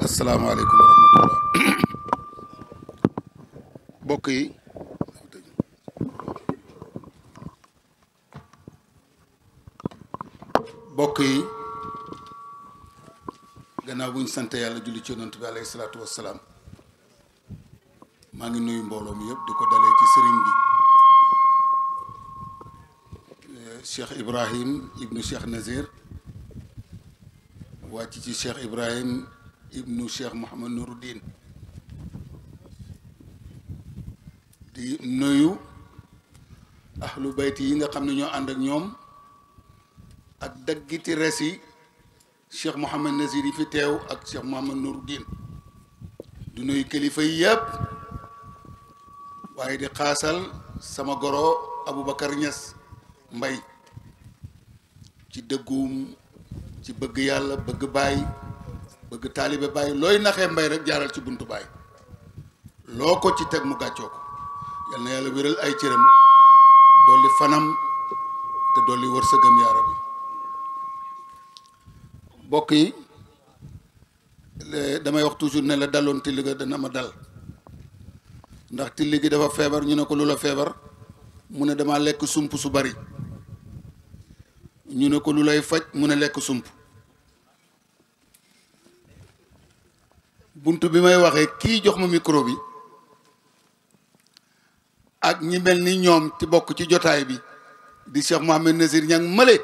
asalaamaaleykum wa rahmatullah yi bokk yi gannaaw buñ ñu sant yàlla julli ci yonent bi alayhi salaatu wassalaam maa ngi nuyu mbooloo mi yëpp di ko dalee ci sëriñ bi eh, Cheikh Ibrahim ibnu Cheikh Nazir wàcc ci Cheikh Ibrahim ibnu cheikh Mouhamad Nouruddin di nuyu ahlu bayti yi nga xam ne ñoo ànd ak ñoom ak daggiti res yi cheikh Mouhamad Nazir yi fi teew ak cheikh Mouhamad Nouruddin di nuyu kilifa yi yëpp waaye di xaasal sama goro Aboubacar Niass mbay ci dëggum ci bëgg yàlla bëgg bàyyi bëgg taalibe bàyyi looy naxee mbay rek jaaral ci buntu bàyyi loo ko ci teg mu gàccoo ko yal na yàlla wéral ay cëram dolli fanam te dool dolli wërsëgam yaa bi bokk yi damay wax toujours ne la daloon tilli ga dana ma dal ndax tilli gi dafa feebar ñu ne ko lu la feebar mu ne dama lekk sump su bari ñu ne ko lu lay faj mu ne lekk sump bunt bi may waxee kii jox ma micro bi ak ñi mel ni ñoom ci bokk ci jotaay bi di Cheikh Mouhamed Nazir Niang Male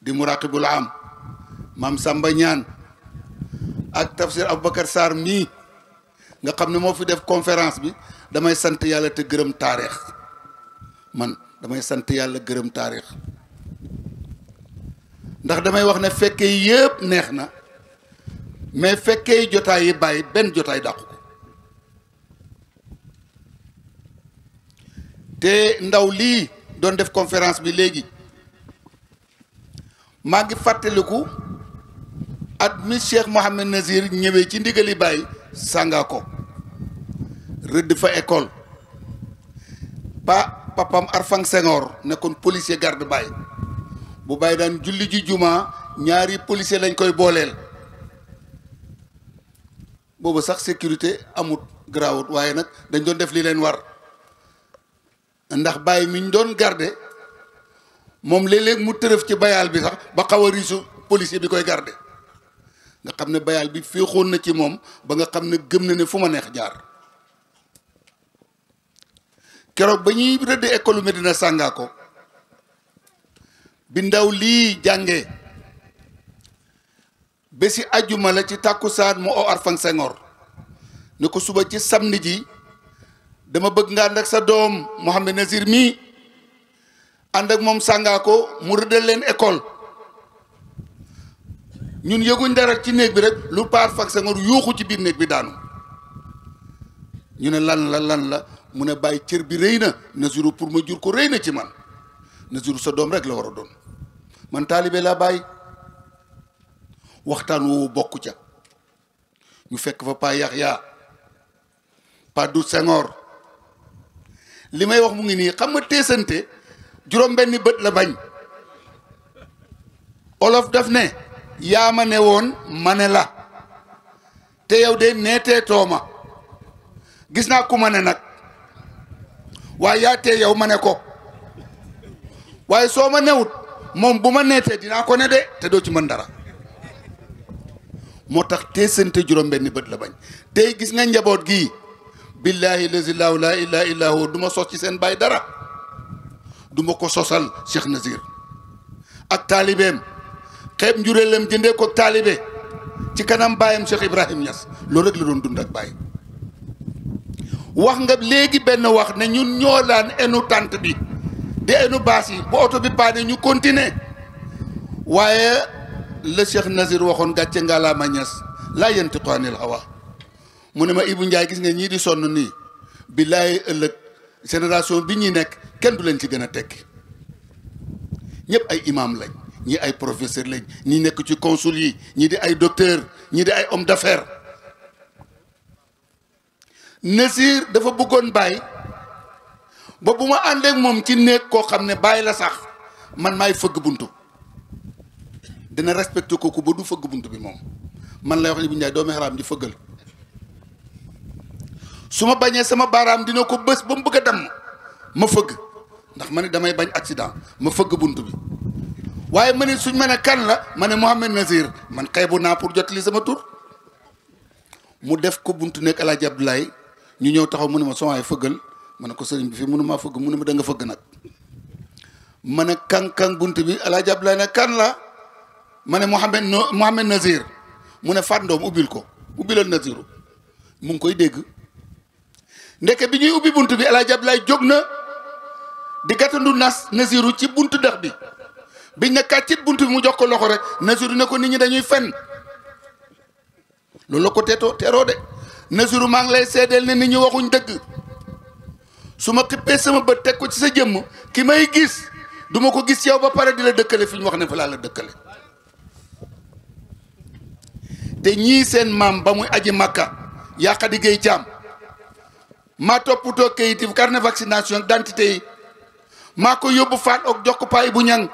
di muraqibul am maam Samba Ñaan ak tafsir Aboubacar Sarr mii nga xam ne moo fi def conférence bi damay sant yàlla te gërëm taarix man damay sant yàlla gërëm taarix ndax damay wax ne fekke yépp neex na mais fekkee jotaay yi bàyyi benn jotaay dàqu ko te ndaw lii doon def conférence bi léegi maa ngi fàttaliku at mi Cheikh Mohamed Nazir ñëwee ci ndigali bàyyi sànga ko rëdd fa école ba papam Arfang Senghor nekkoon policier garde bàyyi bu bàyyi daan julli ji juma ñaari policier lañ koy booleel boobu sax sécurité amut garaawut waaye nag dañ doon def lii leen war ndax bàyyi mi ñu doon garde moom léeg-léeg mu tërëf ci bayaal bi sax ba xaw a riisu policier bi koy garde nga xam ne bayaal bi féexoon na ci moom ba nga xam ne gëm na ne fu ma neex jaar keroog ba ñuy rëdd école Medina Sàngaako bi ndaw lii jàngee bési ajjuma la ci tàkku tàkkusaan mu oo Arfang Senghor ne ko suba ci samedi ji dama bëgg nga ànd ak sa doom Mouhamed Nazir mii ànd ak moom sàngaako mu rëddal leen école ñun yëguñ dara ci néeg bi rek lu paar Arfang Senghor yuuxu ci biir néeg bi daanu ñu ne lan la lan la mu ne bàyyi cër bi rëy na Naziru pour ma jur ko rëy na ci man Naziru sa doom rek la war a doon man taalibe laa bàyyi waxtaan woowu bokk ca ñu fekk fa Pa Yaxya Pa Dut Senghor li may wax mu ngi nii xam nga teesante juróom benni bët la bañ olof daf ne yaa ma ne woon ma ne la te yow de neetee tooma gis naa ku ma ne nag waaye yaate tee yow ma ne ko waaye soo ma newut moom bu ma neetee dinaa ko ne de te doo ci mën dara moo tax teesante juróom-benni bët la bañ tey gis nga njaboot gii billahi lazi laa ilaaha illaa huwa sos ci seen baay dara duma ko sosal Cheikh Nazir ak taalibeem xeeb njureelem jëndee ko taalibe ci kanam baayam Cheikh Ibrahim ñas loolu rek la doon dund ak baay wax nga léegi benn wax ne ñun ñoo laan enu tànt bi di enu baas yi bu oto bi paane ñu continuer waaye la Cheikh Nazir waxoon gàcce ngaa laa ma ñes laa yantiqu anil hawa mu ne ma Ibou Ndiaye gis nga ñii di sonn nii billaay ëllëg génération bi ñuy nekk kenn du leen ci gën a tekki ñëpp ay imam lañ ñii ay professeur lañ ñi nekk ci consul yi ñii di ay docteur ñii di ay homme d'affaires Nazir dafa bëggoon bàyyi ba bu ma àndeek moom ci néeg koo xam ne bàyyi la sax man maay fëgg buntu dina respecté kooku ba du fëgg bunt bi moom man lay wax ni bu njaay doomi xaraam ji fëggal su ma bañee sama baaraam dina ko bés ba mu bëgg a damm ma fëgg ndax ma ne damay bañ accident ma fëgg bunt bi waaye ma ne suñ ma ne kan la ma ne Mouhamed Nazir man bu naa pour jot li sama tur mu def ko buntu nekk El ñu ñëw taxaw mu ne ma soo waay fëggal ma ne ko sëriñ bi fii mënu maa fëgg mu ne ma da nga fëgg nag ma ne kang kang bunt bi El Hadj kan la ma ne Mouhamed no Mouhamed Nazir mu ne Fatou ubbil ko ubbilal Naziru mu ngi koy dégg ndeke bi ñuy ubbi bunt bi El Hadj Abdoulaye jóg na di gàttandu nas Naziru ci buntu dex bi biñ ne kàccit bunt bi mu jox ko loxo rek Naziru ne ko nit ñi dañuy fen loolu la ko teetoo teeroo de Naziru maa ngi lay seedeel ne nit ñi waxuñ dëgg su ma xippee sama bët teg ko ci sa jëmm ki may gis duma ko gis yow ba pare di la dëkkale fi ñu wax ne fa laa la dëkkale. te ñii seen maam ba muy aji makka yàqa di géey caam maa toppatoo kayit yi carnet vaccination d'identité yi maa ko yóbbu faal ak jox ko paay bu ñang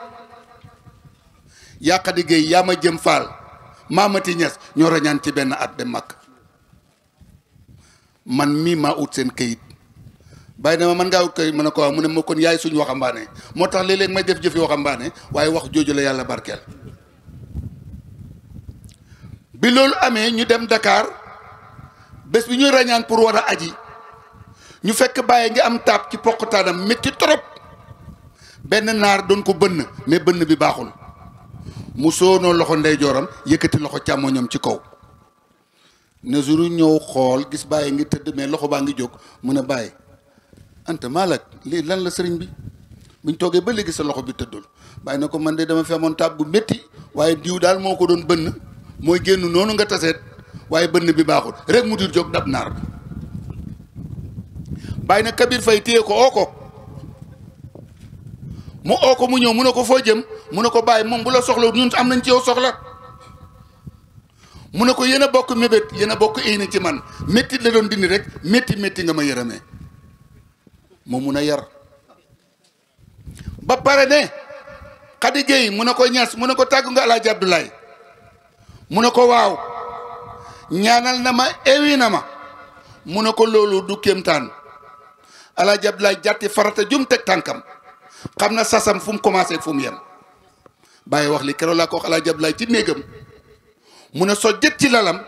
yàqa di géey yaa jëm faal maamati ñes ñoo rañaan ci benn at dem makka man mii maa ut seen kayit bàyyi na ma man ngaa ut kayit ma ne ko waaw mu ne ma kon yaay suñu waxambaane moo tax léeg-léeg may def jëfi waxambaane waaye wax jooju la yàlla barkeel bi loolu amee ñu dem Dakar bés bi ñuy rañaan pour war a aji ñu fekk bàyyi ngi am taab ci poqtaanam métti trop benn naar doon ko bënn mais bënn bi baaxul mu noo loxo ndeyjooram yëkkati loxo càmmoñam ci kaw Nazuru ñëw xool gis bàyyi ngi tëdd mais loxo baa ngi jóg mën a bàyyi anta malak lii lan la sëriñ bi buñ toogee ba léegi sa loxo bi tëddul bàyyi na ko man de dama fi amoon taab bu métti waaye diw daal moo ko doon bënn mooy génn noonu nga taseet waaye bënn bi baaxul rek mu dir jóg dab naar bi bàyyi na kabir fay téye ko oo ko mu oo ko mu ñëw mu ne ko foo jëm mu ne ko bàyyi moom bu la ñun am nañ ci soxla mu ne ko yéen a bokk mébét yéen a bokk éy na ci man métti la doon dindi rek métti métti nga ma yërëmee moo mun a yar ba pare ne xadi géey mu ne ko ñas mu ne ko tàggu nga alaaji Abdoulaye mu ne ko waaw ñaanal na ma ewi na ma mu ne ko loolu du kéemtaan Alaaji Abdoulaye jàtti farata jum teg tànkam xam na sasam fu mu commencé fu mu yem bàyyi wax li keroog laa ko wax Alaaji ci néegam mu ne so jët ci lalam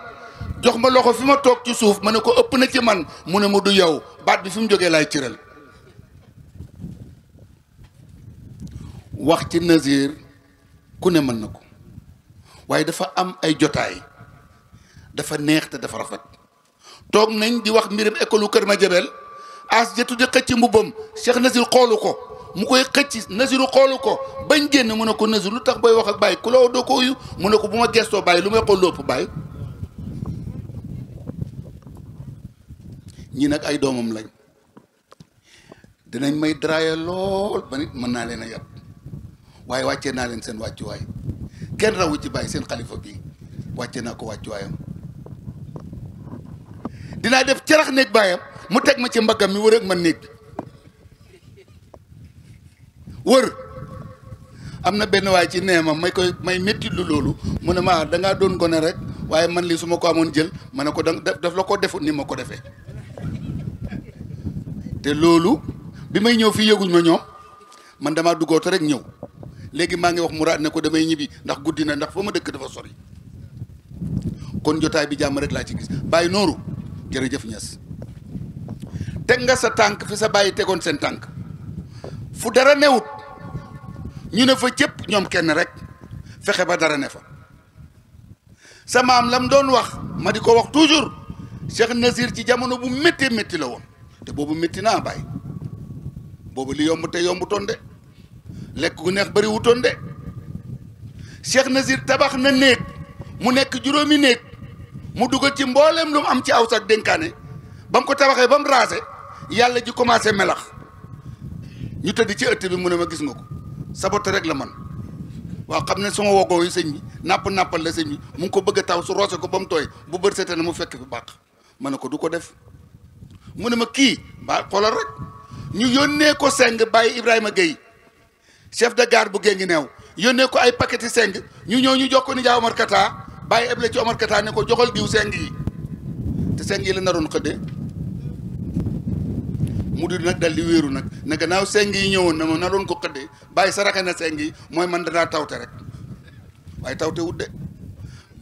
jox ma loxo fi ma toog ci suuf ma ne ko ëpp na ci man mu ne mu du yow baat bi fi mu jógee laay cëral wax ci Nazir ku ne mën na ko waaye dafa am ay jotaay dafa neex te dafa rafet toog nañ di wax mbiram école Kër ma Madiabel as jëtu di xëcc mbubbam Cheikh Nasir xoolu ko mu koy xëcc Nasiru xoolu ko bañ génn mu ne ko Nasir lu tax booy wax ak bàyyi ku la doo ko uyu mu ne ko bu ma gestoo bàyyi lu may xool lopp bàyyi ñi nag ay doomam lañ dinañ may draaya lool ba nit mën naa leen a yab waaye wàccee naa leen seen wàccuwaay kenn rawu ci bàyyi seen xalifa bi wàcce naa ko wàcc wàccuwaayam dinaa def carax néeg bàyyam mu teg ma ci mbaggam mi wër ak man néeg wër am na benn waay ci nee ma may koy may métti lu loolu mu ne ma da ngaa doon gone rek waaye man lii su ma ko amoon jël ma ne ko daf la ko defut ni ma ko defee te loolu bi may ñëw fii yëguñ ma ñoom man damaa duggoote rek ñëw léegi maa ngi wax muraad ne ko damay ñibbi ndax guddi na ndax fa ma dëkk dafa sori kon jotaay bi jàmm rek laa ci gis bàyyi nooru jërëjëf ñas teg nga sa tànk fi sa bàyyi tegoon seen tànk fu dara newut ñu ne fa cëpp ñoom kenn rek fexe ba dara ne fa sa maam lam doon wax ma di ko wax toujours Cheikh Nasir ci jamono bu méttee métti la woon te boobu métti naa bàyyi boobu li yomb te yombutoon de lekk gu neex bëri wutoon de Cheikh Nazir tabax na néeg mu nekk juróomi néeg mu dugal ci mbooleem lu mu am ci aw sax dénkaane ba mu ko tabaxee ba mu raase yàlla ji commencé melax ñu tëdd ci ëtt bi mu ne ma gis nga ko sabote rek la man waa xam ne suma wogoo yi sëñ yi nàpp nàppal la sëñ yi mu ngi ko bëgg a taw su roose ko ba mu tooy bu bër seete na mu fekk fi baax ma ne ko du ko def mu ne ma kii ba xoolal rek ñu yónnee ko seng bàyyi Ibrahima Gueye chef de gare bu géngi neew yónnee ko ay paqueti seng ñu ñëw ñu jox ko ni jaa Omar Kata bàyyi eble ci Omar Kata ne ko joxal diw seng yi te seng yi la naroon xëdde mu di nag dal li wéeru nag ne gannaaw seng yi ñëwoon na ma naroon ko xëdde bàyyi saraxe na seng yi mooy man danaa tawte rek waaye tawte wut de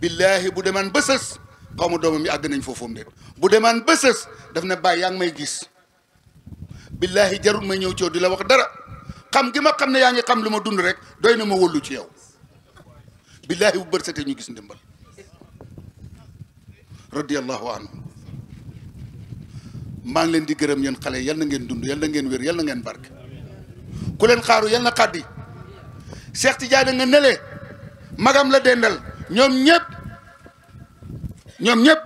billaahi bu demaan ba xaw ma doomam yi àgg nañ foofoom de bu demaan ba def na ne bàyyi yaa ngi may gis billaahi jarul may ñëw coow di la wax dara xam gi ma xam ne yaa ngi xam lu ma dund rek doy na ma wóolu ci yow billaahi bu bër ñu gis ndimbal radiyallahu anhu maa ngi leen di gërëm yéen xale yal na ngeen dund yal na ngeen wér yal ngeen barke ku leen xaaru yal na xaddi Cheikh Tidiane nga nelee magam la dendal ñoom ñëpp ñoom ñëpp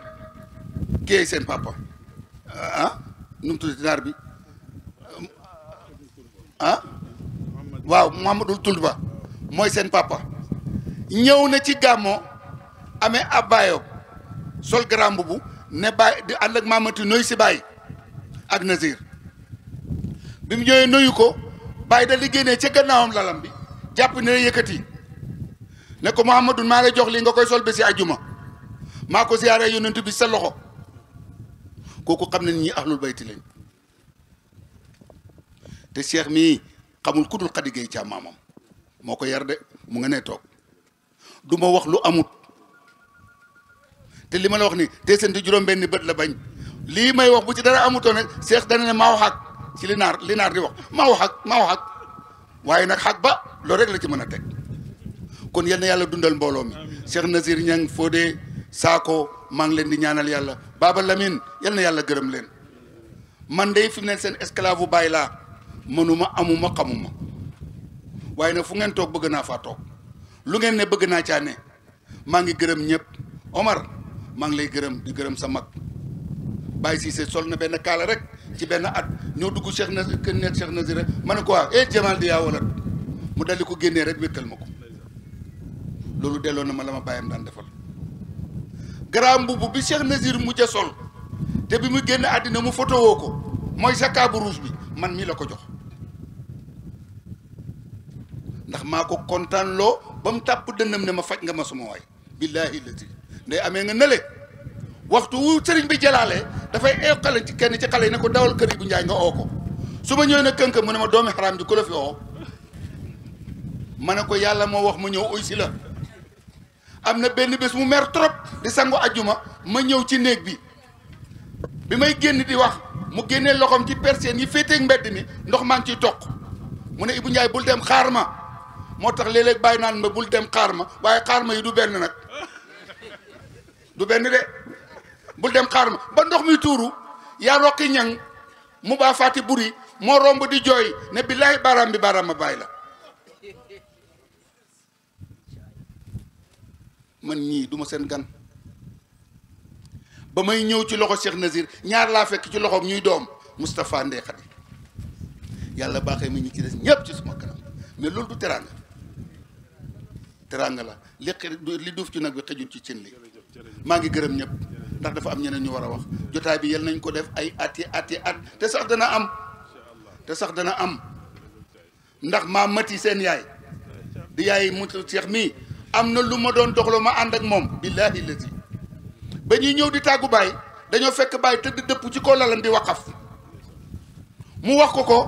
kii seen papa ah nu naar bi ah? waaw Mamadou Tund Ba mooy seen papa ñëw na ci gàmmo amee abbaayoo sol grand mbubu ne bàyyi di ànd ak Mamadou nuyu si bàyyi ak Nazir bi mu ñëwee nuyu ko bàyyi da liggéey ne ci gannaawam lalam bi jàpp ne yëkkati ne ko Mouhamadou maa ngi jox lii nga koy sol ba si àjjuma maa ko ziyaare yonent bi sa loxo kooku xam ne ñi ahlul bayti lañ te cheikh mii xamul ku dul Khady Gueye Thiam maamam moo ko yar de mu nga ne toog du ma wax lu amut te li ma la wax ni te seen juróom-benn bët la bañ lii may wax bu ci dara amutoo nag seex dana ne maa wax ci li li naar di wax maa wax ak maa waaye nag xag ba loolu rek la ci mën a teg kon yal na yàlla dundal mbooloo mi Cheikh Nazir Niang Fodé saako maa ngi leen di ñaanal yàlla Baba Lamine yal na yàlla gërëm leen man de fi mu ne seen esclave bu bàyyi laa. mënuma amuma xamuma waaye nag fu ngeen toog bëgg naa faa toog lu ngeen ne bëgg naa caa ne maa ngi gërëm ñëpp Omar maa ngi lay gërëm di gërëm sa mag Baye Cissé sol na benn kaala rek ci benn at ñëw dugg Cheikh na kër nekk Cheikh Nazir ma ne ko ah eh Jamal di yaa wala mu daldi ko génnee rek wékkal ma ko loolu delloo na ma la ma bàyyam daan defal grand mbubb bi Cheikh Nazir mujj a sol te bi mu génn àddina mu foto ko mooy sa kaabu bi man mii la ko jox. ndax maa ko kontaan loo ba mu tàpp dënnam ne ma faj nga ma suma waay billaahi lati nday amee nga nële waxtu wu sëriñ bi jalaalee dafay eew xale ci kenn ci xale yi na ko dawal kër yi bu njaay nga oo ko su ma ñëwee na kënk mu ne ma doomi xaraam ji ku la fi oo ma ne ko yàlla moo wax ma ñëw uy la am na benn bés mu mer trop di sangu ajjuma ma ñëw ci néeg bi bi may génn di wax mu génnee loxoom ci persienne yi féeteeg mbedd mi ndox maa ci toq mu ne Ibou bul dem xaar moo tax léeg-léeg bàyyi naan ma bul dem xaar ma waaye xaar ma yi du benn nag du benn de bul dem xaar ma ba ndox mi tuuru yaa roqi ñang mu baa faati buri moo romb di jooy ne billahi baaraam bi baaraam ma bàyyi la man ñii duma seen gan ba may ñëw ci loxo Cheikh Nazir ñaar laa fekk ci loxoom ñuy doom Moustapha Ndeye Khady yàlla baaxee ma ñi ci des ñëpp ci suma kanam mais loolu du teraanga teranga la li li duuf ci nag bi xëjul ci cin li maa ngi gërëm ñëpp ndax dafa am ñeneen ñu war a wax jotaay bi yal nañ ko def ay at yi at yi at te sax dana am te sax dana am ndax maa mat yi seen yaay di yaay mu Cheikh mii am na lu ma doon doxloo ma ànd ak moom billaahi lazi ba ñuy ñëw di tàggu baay dañoo fekk baay tëdd dëpp ci kaw lalam di waqaf mu wax ko ko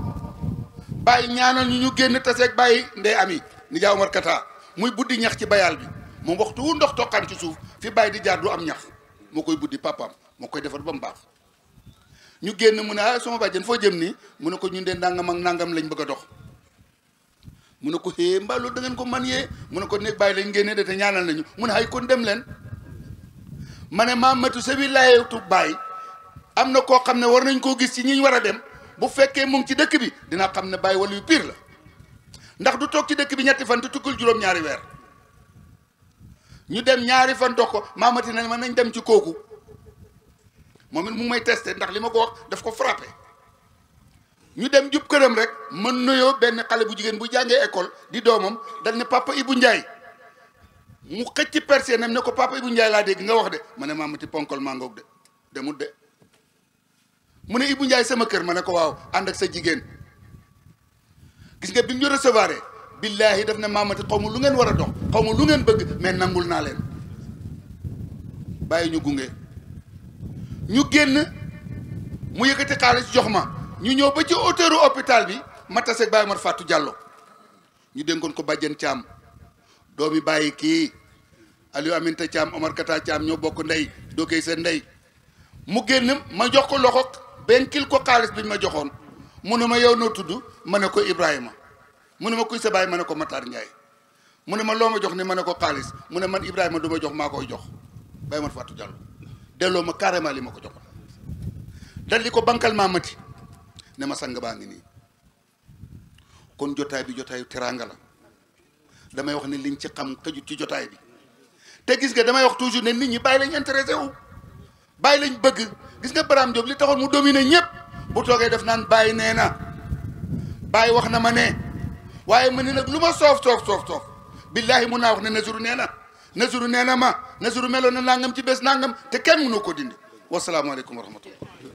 baay ñaanal ñu ñu génn taseeg baay ndey am ni jaaw Omar Kata muy buddi ñax ci bayaal bi moom waxtu wu ndox toqaan ci suuf fi bàyyi di jaar du am ñax moo koy buddi papaam moo koy defar ba mu baax ñu génn mu ne ah sama foo jëm nii mu ne ko ñun de nangam ak nangam lañ bëgg a dox mu ne ko xée mbaa loolu ko man yee mu ne ko néeg bàyyi lañ génnee de te ñaanal nañu mu ne ay kon dem leen ma ne maam matu sa bi bàyyi am na koo xam ne war nañ koo gis ci ñi war a dem bu fekkee moom ci dëkk bi dina xam ne bàyyi wala yu pire la ndax du toog ci dëkk bi ñetti fan te tukkul juróom ñaari weer ñu dem ñaari fan dox ko maamati nañ ma nañ dem ci kooku moom it mu may testé ndax li ma ko wax daf ko frappé ñu dem jub këram rek mën nuyoo benn xale bu jigéen bu jàngee école di doomam dal ne papa Ibou njaay mu xëcc ci persienne am ne ko papa Ibou Ndiaye laa dégg nga wax de ma ne maamati ponkol maa ngoog de demut de mu ne Ibou Ndiaye sama kër ma ne ko waaw ànd ak sa jigéen. gis nga bi mu ñu recevoir billaahi daf ne maamati xaw ma lu ngeen war a dox xaw ma lu ngeen bëgg mais nangul naa leen bàyyi ñu gunge ñu génn mu yëkkati xaalis jox ma ñu ñëw ba ci hauteuru hôpital bi ma taseeg bàyyi mar fàttu jàllo ñu dénkoon ko bàjjen caam doomi bàyyi kii Aliou Aminta Thiam Omar Kata Thiam ñoo bokk ndey doo koy seen ndey mu génn ma jox ko loxo benkil ko xaalis bi ñu ma joxoon mu ne ma yow noo tudd ma ne ko Ibrahima mu ne ma kuy sa bàyyi ma ne ko Matar Ndiaye mu ne ma loo ma jox ne ma ne ko xaalis mu ne man Ibrahima du ma jox maa koy jox bay man Fatou Diallo delloo ma carrément li ma ko jox dal di ko bankal maa mati ne ma sang baa ngi nii kon jotaay bi jotaayu teraanga la damay wax ne liñ ci xam xëjut ci jotaay bi te gis nga damay wax toujours ne nit ñi bàyyi lañ intéressé wu bàyyi lañ bëgg gis nga Barham Diop li taxoon mu dominé ñëpp bu toogee def naan bàyyi nee na bàyyi wax na ma ne waaye mu ne nag lu ma soof soof soof soof billaahi mu naa wax ne Nazuru nee na Nazuru nee na ma Nazuru meloon na nangam ci bés nangam te kenn mënoo ko dindi wasalaamualeykum wa rahmatullah